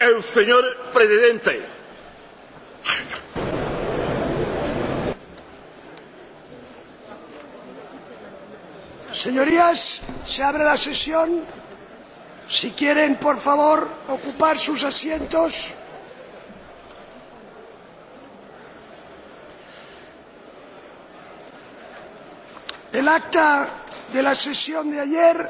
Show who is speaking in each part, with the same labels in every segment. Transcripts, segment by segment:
Speaker 1: El señor presidente. Señorías, se abre la sesión. Si quieren, por favor, ocupar sus asientos. El acta de la sesión de ayer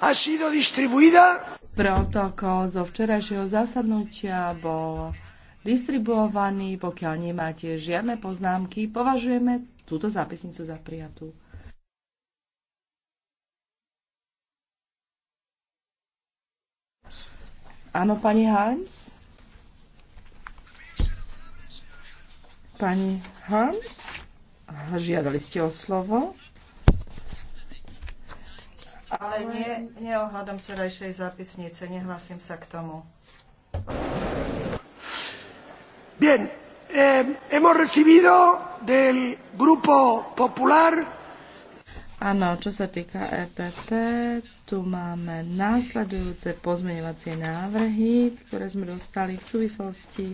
Speaker 1: ha sido distribuida.
Speaker 2: Protokol zo včerajšieho zasadnutia bol distribuovaný. Pokiaľ nemáte žiadne poznámky, považujeme túto zápisnicu za prijatú. Áno, pani Harms? Pani Harms? Žiadali ste o slovo ale nie, nie ohľadom včerajšej zápisnice. Nehlasím sa k tomu.
Speaker 1: Bien, eh, hemos recibido del Grupo Popular.
Speaker 2: Áno, čo sa týka EPP, tu máme následujúce pozmeňovacie návrhy, ktoré sme dostali v súvislosti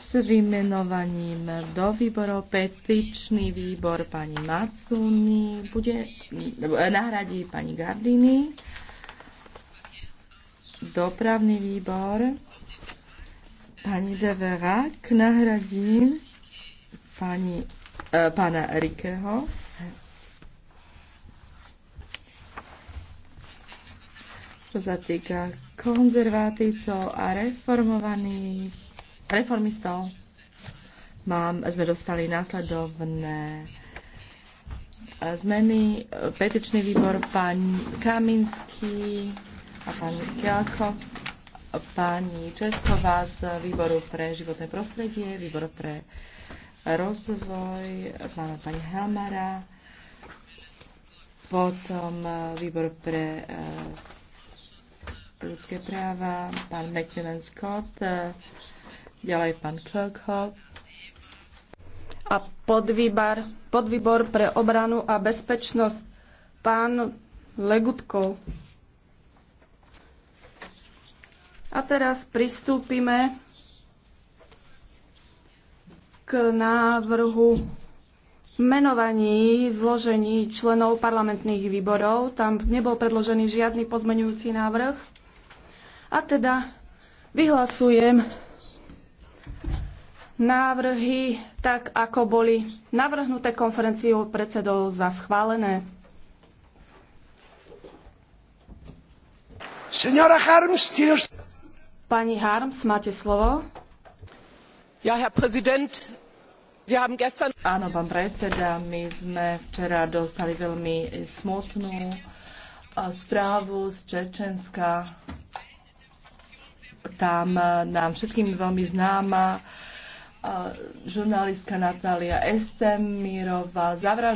Speaker 2: s vymenovaním do výborov petičný výbor pani Macuni bude, eh, nahradí pani Gardini, dopravný výbor pani Deverak nahradí pani, e, pana Rikeho. Čo sa týka konzervatívcov a reformovaných reformistov mám, sme dostali následovné e, zmeny. Petičný výbor pán Kaminský a pán Kielko, pani Česková z výboru pre životné prostredie, e, výbor pre rozvoj, máme pani Helmara, potom výbor pre ľudské práva, pán McMillan Scott,
Speaker 3: Ďalej pán Kirkhoff. A podvýbar, podvýbor pre obranu a bezpečnosť pán Legutkov. A teraz pristúpime k návrhu menovaní zložení členov parlamentných výborov. Tam nebol predložený žiadny pozmenujúci návrh. A teda vyhlasujem návrhy, tak ako boli navrhnuté konferenciou predsedov za schválené. Harms, Pani Harms, máte slovo. Ja, Herr prezident, haben gestern... Áno, pán predseda, my
Speaker 2: sme včera dostali veľmi smutnú eh, správu z Čečenska. Tam eh, nám všetkým veľmi známa žurnalistka Natália Estemirova zavraždená.